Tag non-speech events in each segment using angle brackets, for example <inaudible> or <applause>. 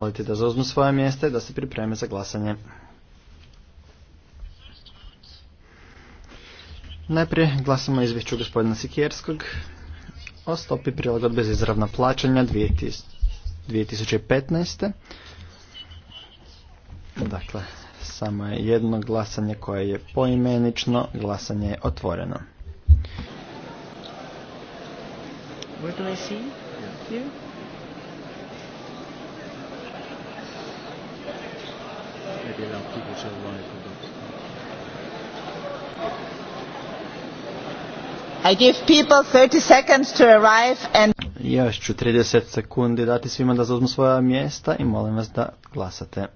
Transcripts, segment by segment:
Molite da zauzmu svoje mjesta i da se pripreme za glasanje. Najprije glasamo izvješću gospodina Sikjerskog o stopi prilagodbe bez izravna plaćanja 2015. Dakle, samo je jedno glasanje koje je poimenično, glasanje je otvoreno. Where do I see maybe allow people to I give people 30 seconds to arrive and... Još ću 30 sekundi dati svima da zauzmu svoja mjesta i molim vas da glasate.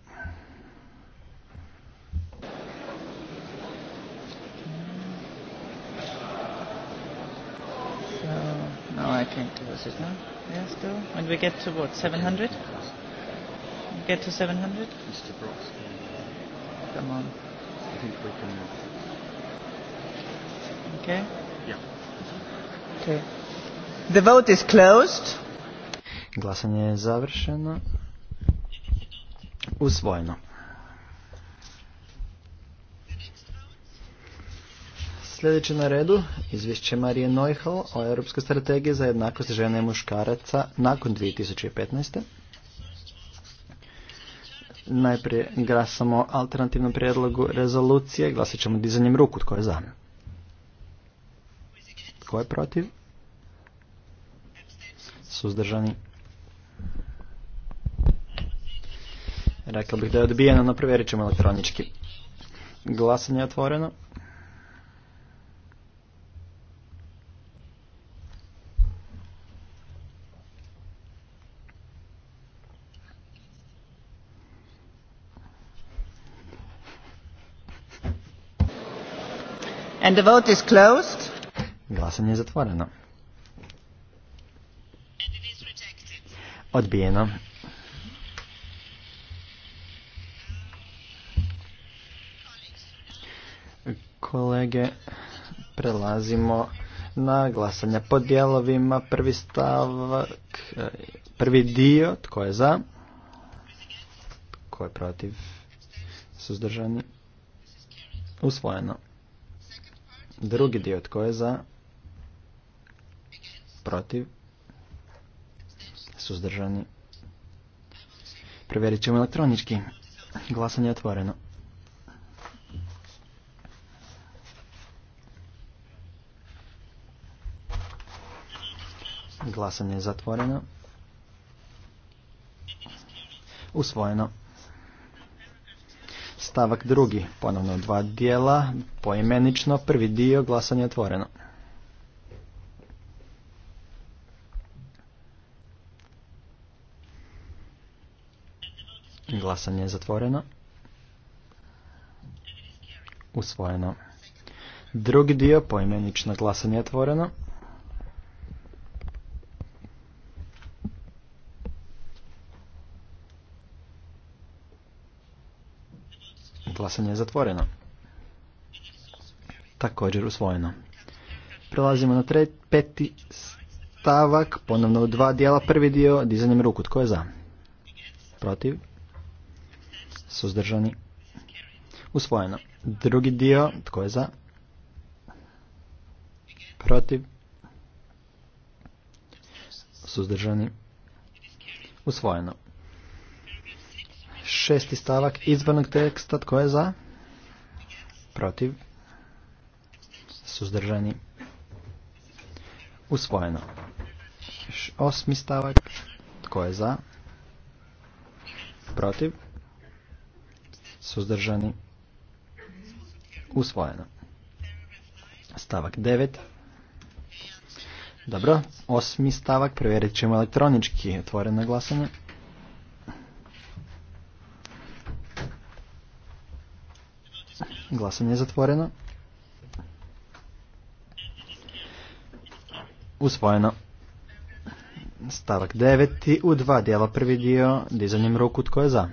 I think it was it Yeah, still. When we get to what, 700? Get to 700? Mr. Brooks. Ono. The vote is closed. Glasanje je završeno. Usvojeno. Sljedeće na redu izvješće Marije Neuhal o Europskoj strategiji za jednakost žene i muškaraca nakon 2015. Najprije glasamo alternativnom prijedlogu rezolucije. Glasit ćemo dizanjem ruku. Tko je za? Tko je protiv? Suzdržani. Rekao bih da je odbijeno, no provjerit ćemo elektronički. Glasanje je otvoreno. And the vote is closed. Glasanje je zatvoreno. Odbijeno. Kolege, prelazimo na glasanja po dijelovima. Prvi stavak, prvi dio, tko je za? Tko je protiv? Suzdržani? Usvojeno. Drugi dio tko je za? Protiv? Suzdržani? Provjerit ćemo elektronički. Glasanje je otvoreno. Glasanje je zatvoreno. Usvojeno. Stavak drugi, ponovno dva dijela, poimenično, prvi dio, glasanje otvoreno. Glasanje je zatvoreno. Usvojeno. Drugi dio, poimenično, glasanje je otvoreno. Glasanje je zatvoreno. Također usvojeno. Prelazimo na tre, peti stavak, ponovno u dva dijela. Prvi dio, dizanjem ruku. Tko je za? Protiv? Suzdržani? Usvojeno. Drugi dio, tko je za? Protiv? Suzdržani? Usvojeno šesti stavak izbornog teksta. Tko je za? Protiv? Suzdržani? Usvojeno. Osmi stavak. Tko je za? Protiv? Suzdržani? Usvojeno. Stavak 9. Dobro, osmi stavak provjerit ćemo elektronički otvoreno glasanje. Glasanje je zatvoreno. Usvojeno. Stavak 9. U dva dijela prvi dio. Dizanjem ruku tko je za.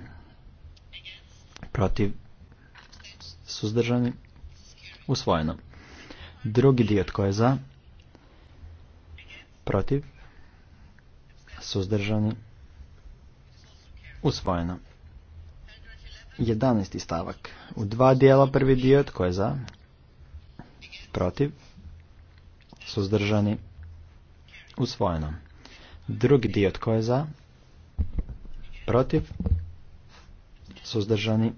Protiv. Suzdržani. Usvojeno. Drugi dio tko je za. Protiv. Suzdržani. Usvojeno. 11. stavak. U dva dijela prvi dio, tko je za? Protiv. Suzdržani. Usvojeno. Drugi dio, tko je za? Protiv. Suzdržani.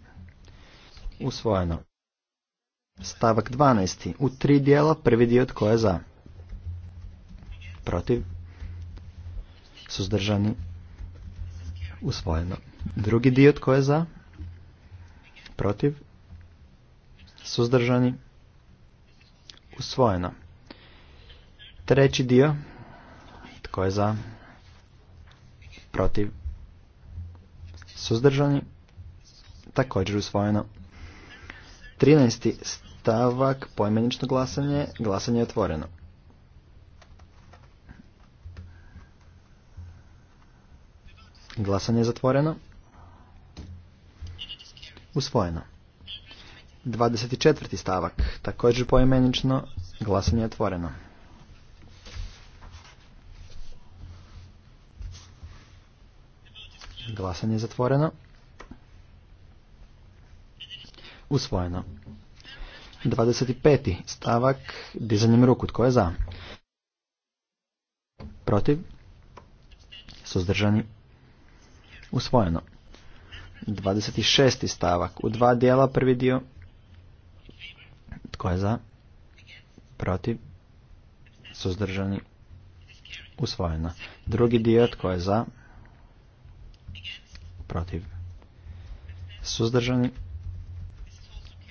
Usvojeno. Stavak 12. U tri dijela prvi dio, tko je za? Protiv. Suzdržani. Usvojeno. Drugi dio, tko je za? protiv, suzdržani, usvojeno. Treći dio, tko je za, protiv, suzdržani, također usvojeno. 13. stavak, poimenično glasanje, glasanje je otvoreno. Glasanje je zatvoreno. Usvojeno. 24. stavak. Također poimenično glasanje je otvoreno. Glasanje je zatvoreno. Usvojeno. 25. stavak. Dizanjem ruku. Tko je za? Protiv? Suzdržani? Usvojeno. 26. stavak u dva dijela, prvi dio. Tko je za? Protiv? Suzdržani? Usvojeno. Drugi dio, tko je za? Protiv? Suzdržani?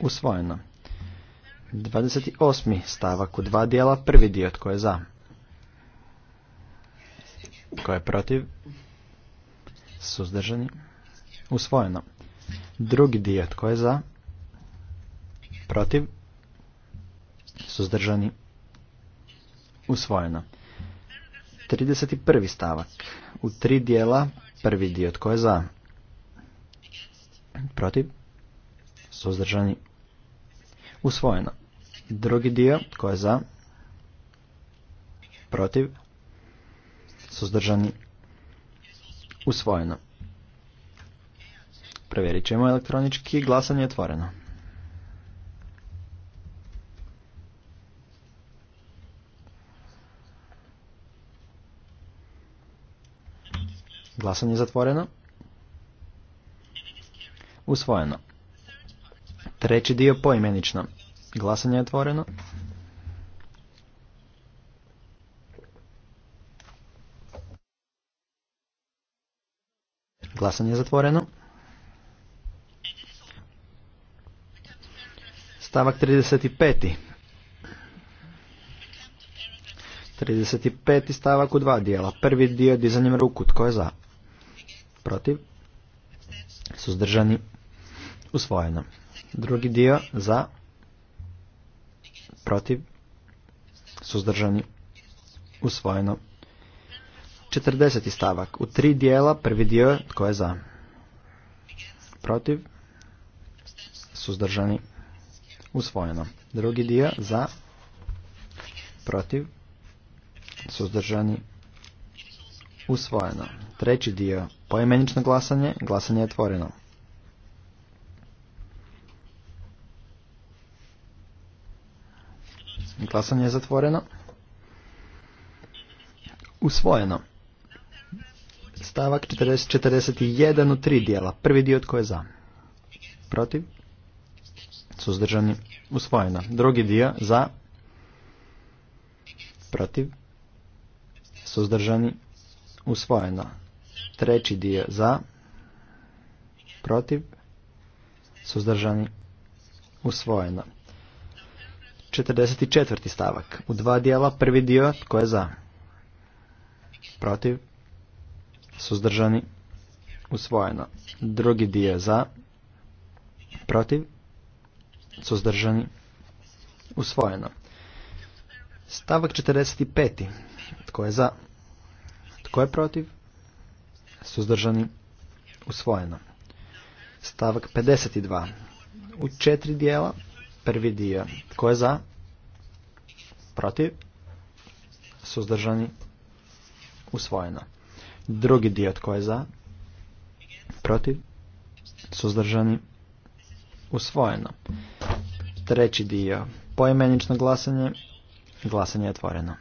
Usvojeno. 28. stavak u dva dijela, prvi dio, tko je za? Tko je protiv? Suzdržani? Usvojeno. Drugi dio tko je za? Protiv? Suzdržani? Usvojeno. 31. stavak. U tri dijela prvi dio tko je za? Protiv? Suzdržani? Usvojeno. Drugi dio tko je za? Protiv? Suzdržani? Usvojeno. Provjerit ćemo elektronički. Glasanje je otvoreno. Glasanje je zatvoreno. Usvojeno. Treći dio poimenično. Glasanje je otvoreno. Glasanje je zatvoreno. Stavak 35. 35. stavak u dva dijela. Prvi dio dizanjem ruku. Tko je za? Protiv? Suzdržani? Usvojeno. Drugi dio za? Protiv? Suzdržani? Usvojeno. 40. stavak. U tri dijela. Prvi dio. Tko je za? Protiv? Suzdržani? Usvojeno. Drugi dio za, protiv, suzdržani, usvojeno. Treći dio, poimenično glasanje, glasanje je otvoreno. Glasanje je zatvoreno. Usvojeno. Stavak 40, 41 u tri dijela. Prvi dio tko je za. Protiv suzdržani, usvojena. Drugi dio za, protiv, suzdržani, usvojena. Treći dio za, protiv, suzdržani, usvojena. 44. stavak. U dva dijela prvi dio tko je za, protiv, suzdržani, usvojena. Drugi dio za, protiv, suzdržani, usvojeno. Stavak 45. Tko je za? Tko je protiv? Suzdržani, usvojeno. Stavak 52. U četiri dijela, prvi dio. Tko je za? Protiv? Suzdržani, usvojeno. Drugi dio tko je za? Protiv? Suzdržani? Usvojeno. Treći dio. Poimenično glasanje. Glasanje je otvoreno.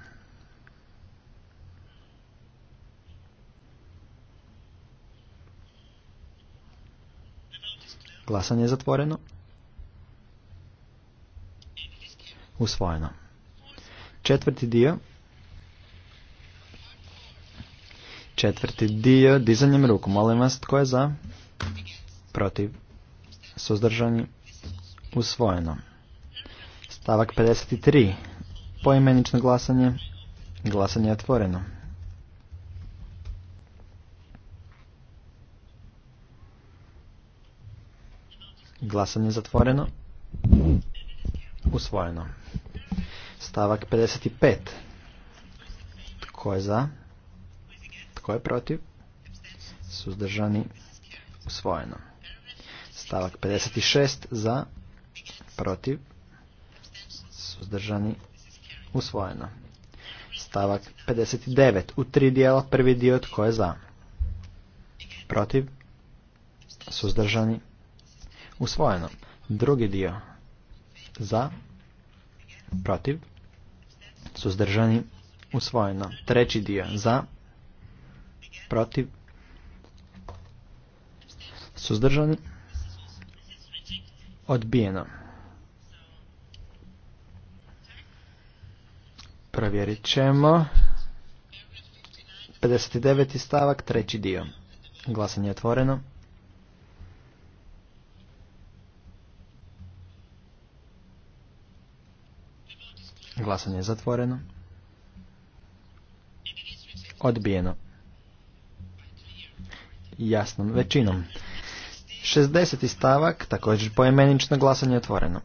Glasanje je zatvoreno. Usvojeno. Četvrti dio. Četvrti dio. Dizanjem ruku. Molim vas, tko je za? Protiv. Suzdržani. Usvojeno. Stavak 53. Poimenično glasanje. Glasanje je otvoreno. Glasanje je zatvoreno. Usvojeno. Stavak 55. Tko je za? Tko je protiv? Suzdržani. Usvojeno. Stavak 56. Za. Protiv suzdržani, usvojeno. Stavak 59. U tri dijela prvi dio tko je za. Protiv, suzdržani, usvojeno. Drugi dio za, protiv, suzdržani, usvojeno. Treći dio za, protiv, suzdržani, odbijeno. Provjerit ćemo. 59. stavak, treći dio. Glasanje je otvoreno. Glasanje je zatvoreno. Odbijeno. Jasnom većinom. 60. stavak, također poimenično glasanje je otvoreno.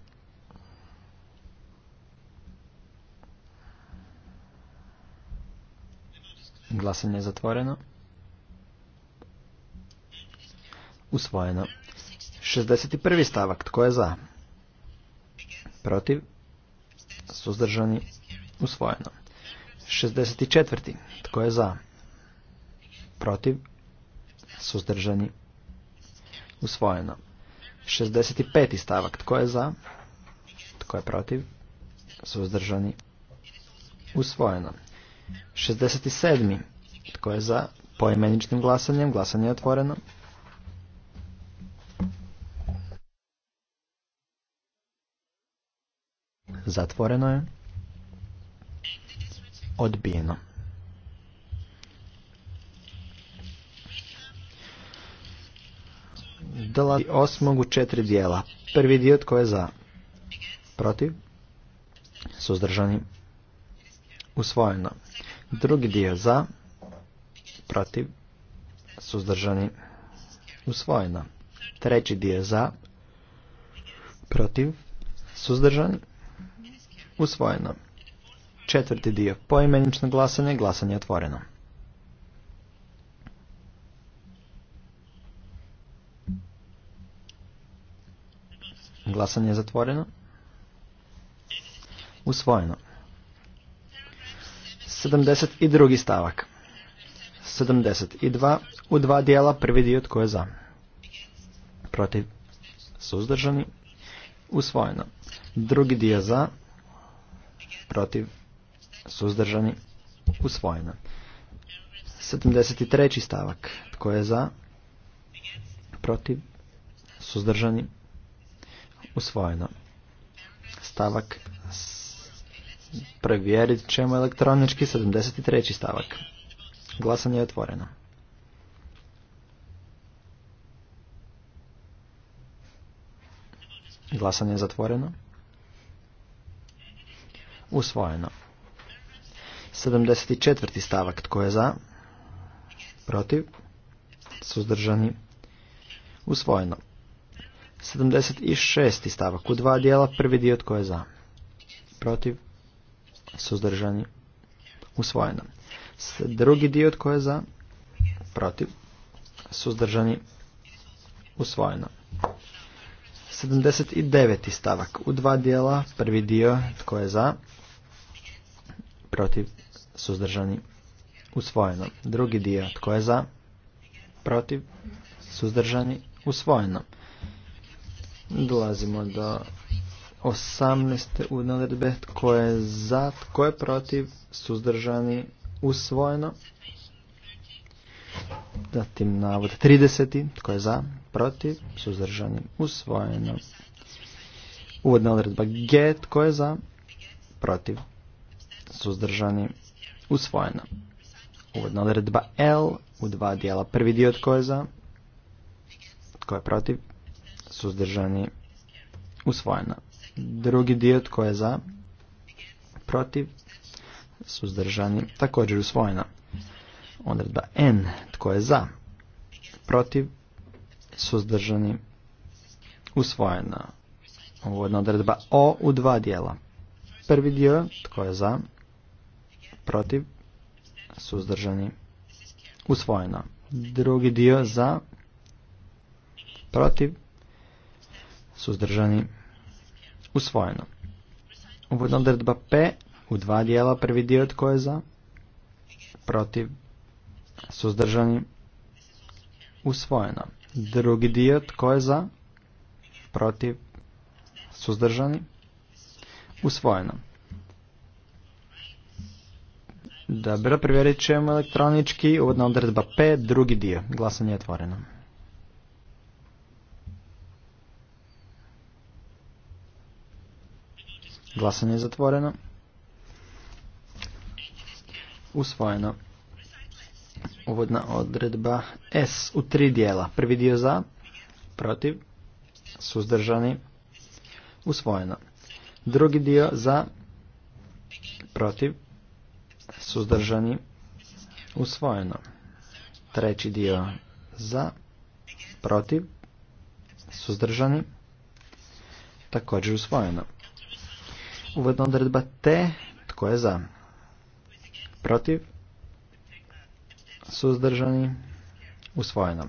Glasanje je zatvoreno. Usvojeno. 61. stavak. Tko je za? Protiv? Suzdržani? Usvojeno. 64. Tko je za? Protiv? Suzdržani? Usvojeno. 65. stavak. Tko je za? Tko je protiv? Suzdržani? Usvojeno. 67. Tko je za? Poimeničnim glasanjem. Glasanje je otvoreno. Zatvoreno je. Odbijeno. Dolazi osmog u četiri dijela. Prvi dio tko je za? Protiv? Suzdržani? Usvojeno. Drugi dio za? protiv, suzdržani, usvojeno. Treći dio za, protiv, suzdržani, usvojeno. Četvrti dio poimenično glasanje, glasanje otvoreno. Glasanje je zatvoreno. Usvojeno. 72. stavak. 72 u dva dijela, prvi dio tko je za. Protiv suzdržani, usvojeno. Drugi dio za, protiv suzdržani, usvojeno. 73. stavak, tko je za, protiv suzdržani, usvojeno. Stavak provjerit ćemo elektronički 73. stavak. Glasanje je otvoreno. Glasanje je zatvoreno. Usvojeno. 74. stavak. Tko je za? Protiv? Suzdržani? Usvojeno. 76. stavak. U dva dijela. Prvi dio tko je za? Protiv? Suzdržani? Usvojeno. Drugi dio tko je za? Protiv. Suzdržani. Usvojeno. 79. stavak. U dva dijela. Prvi dio tko je za? Protiv. Suzdržani. Usvojeno. Drugi dio tko je za? Protiv. Suzdržani. Usvojeno. Dolazimo do 18. unadredbe. Tko je za? Tko je protiv? Suzdržani usvojeno. Zatim navod 30. Tko je za? Protiv? Suzdržani? Usvojeno. Uvodna odredba G. Tko je za? Protiv? Suzdržani? Usvojeno. Uvodna odredba L. U dva dijela. Prvi dio tko je za? Tko je protiv? Suzdržani? Usvojeno. Drugi dio tko je za? Protiv? suzdržani, također usvojena. Odredba N, tko je za, protiv, suzdržani, usvojena. Uvodna odredba O u dva dijela. Prvi dio, tko je za, protiv, suzdržani, usvojena. Drugi dio za, protiv, suzdržani, usvojeno. Uvodna odredba P, u dva dijela. Prvi dio tko je za, protiv, suzdržani, usvojeno. Drugi dio tko je za, protiv, suzdržani, usvojeno. Dobro, provjerit ćemo elektronički. Uvodna odredba P, drugi dio. Glasanje je otvoreno. Glasanje je zatvoreno. Usvojeno. Uvodna odredba S u tri dijela. Prvi dio za, protiv, suzdržani, usvojeno. Drugi dio za, protiv, suzdržani, usvojeno. Treći dio za, protiv, suzdržani, također usvojeno. Uvodna odredba T, tko je za? Protiv? Suzdržani? Usvojeno.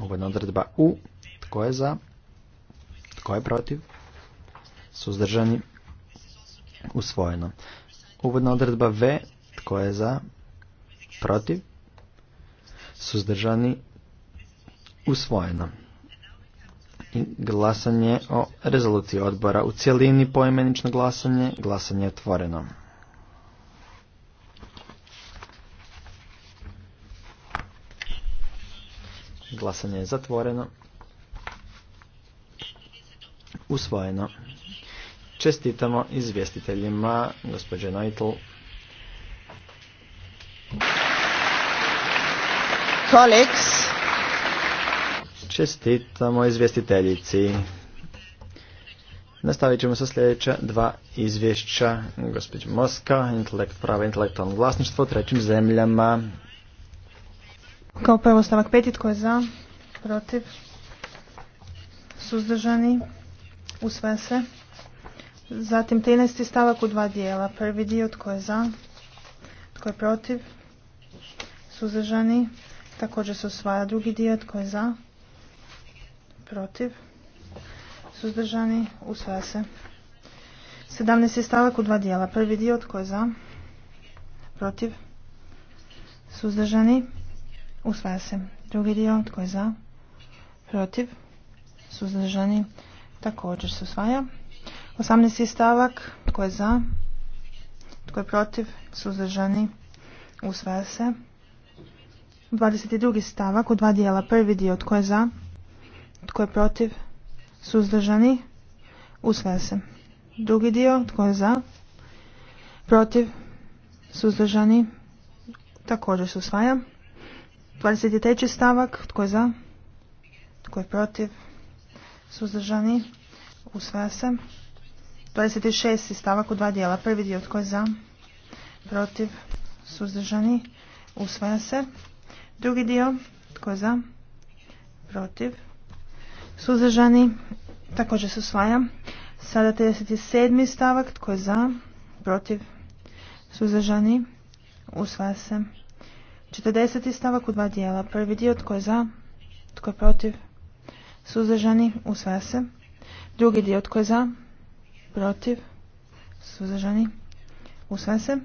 Uvodna odredba U. Tko je za? Tko je protiv? Suzdržani? Usvojeno. Uvodna odredba V. Tko je za? Protiv? Suzdržani? Usvojeno. I glasanje o rezoluciji odbora u cjelini poimenično glasanje. Glasanje je otvoreno. Glasanje je zatvoreno. Usvojeno. Čestitamo izvjestiteljima, gospođe Neitl. Koleks. Čestitamo izvjestiteljici. Nastavit ćemo sa sljedeća dva izvješća Gospodin Moska, intelekt, prava intelektualno vlasništvo trećim zemljama, kao prvo stavak peti, tko je za, protiv, suzdržani, sve se. Zatim 13. stavak u dva dijela. Prvi dio tko je za, tko je protiv, suzdržani, također se usvaja. Drugi dio tko je za, protiv, suzdržani, usvaja se. 17. stavak u dva dijela. Prvi dio tko je za, protiv, suzdržani, Usvaja se. Drugi dio, tko je za? Protiv? Suzdržani? Također se usvaja. 18. stavak, tko je za? Tko je protiv? Suzdržani? Usvaja se. 22. stavak u dva dijela. Prvi dio, tko je za? Tko je protiv? Suzdržani? Usvaja se. Drugi dio, tko je za? Protiv? Suzdržani? Također se usvaja. 23. stavak, tko je za? Tko je protiv? Suzdržani? Usvaja se. 26. stavak u dva dijela. Prvi dio tko je za? Protiv? Suzdržani? Usvaja se. Drugi dio tko je za? Protiv? Suzdržani? Također se usvaja. Sada 37. stavak tko je za? Protiv? Suzdržani? Usvaja se. 40. stavak u dva dijela. Prvi dio tko je za, tko je protiv, suzdržani, usvaja se. Drugi dio tko je za, protiv, suzdržani, usvaja se.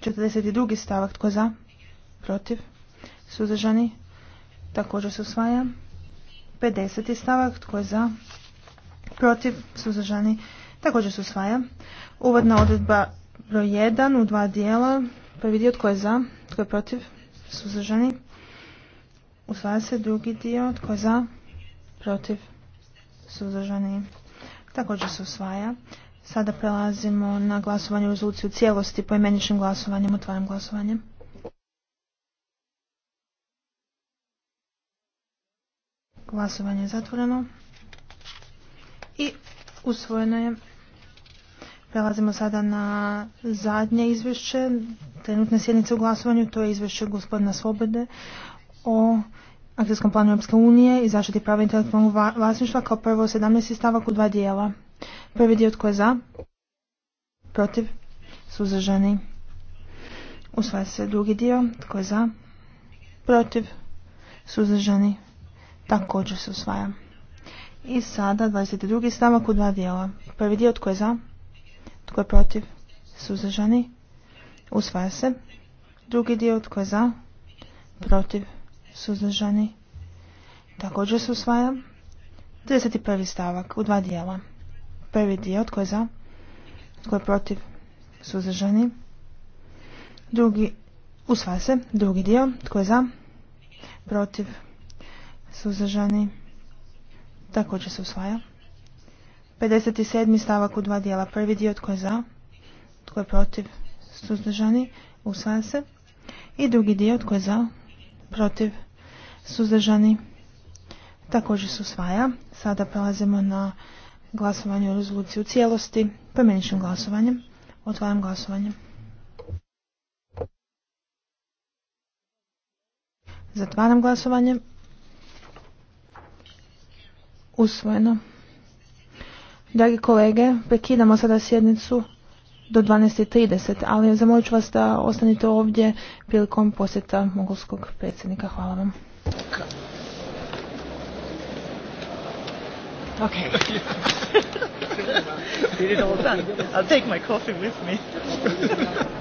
42. stavak tko je za, protiv, suzdržani, također se usvaja. 50. stavak tko je za, protiv, suzdržani, također se usvaja. Uvodna odredba broj 1 u dva dijela. Prvi dio tko je za, tko je protiv, suzdržani. Usvaja se drugi dio tko je za, protiv, suzdržani. Također se usvaja. Sada prelazimo na glasovanje u rezoluciju u cijelosti imeničnim glasovanjem. Otvaram glasovanje. Glasovanje je zatvoreno i usvojeno je Prelazimo sada na zadnje izvješće, trenutne sjednice u glasovanju, to je izvješće gospodina Svobode o akcijskom planu Europske unije i zaštiti prava intelektualnog vlasništva kao prvo 17 stavak u dva dijela. Prvi dio tko je za, protiv, suzdržani. Usvaja se drugi dio, tko je za, protiv, suzdržani. Također se usvaja. I sada 22. stavak u dva dijela. Prvi dio tko je za, tko je protiv? Suzdržani? Usvaja se. Drugi dio. Tko je za? Protiv? Suzdržani? Također se usvaja. 31. stavak u dva dijela. Prvi dio. Tko je za? Tko je protiv? Suzdržani? Drugi. Usvaja se. Drugi dio. Tko je za? Protiv? Suzdržani? Također se usvaja. 57. stavak u dva dijela. Prvi dio tko je za, tko je protiv, suzdržani, usvaja se. I drugi dio tko je za, protiv, suzdržani, također se usvaja. Sada prelazimo na glasovanje o rezoluciji u cijelosti. ću glasovanjem. Otvaram glasovanje. Zatvaram glasovanje. Usvojeno. Dragi kolege, prekidamo sada sjednicu do 12.30, ali zamolit ću vas da ostanite ovdje prilikom posjeta mogulskog predsjednika. Hvala vam. Okay. Did it all I'll take my coffee with me. <laughs>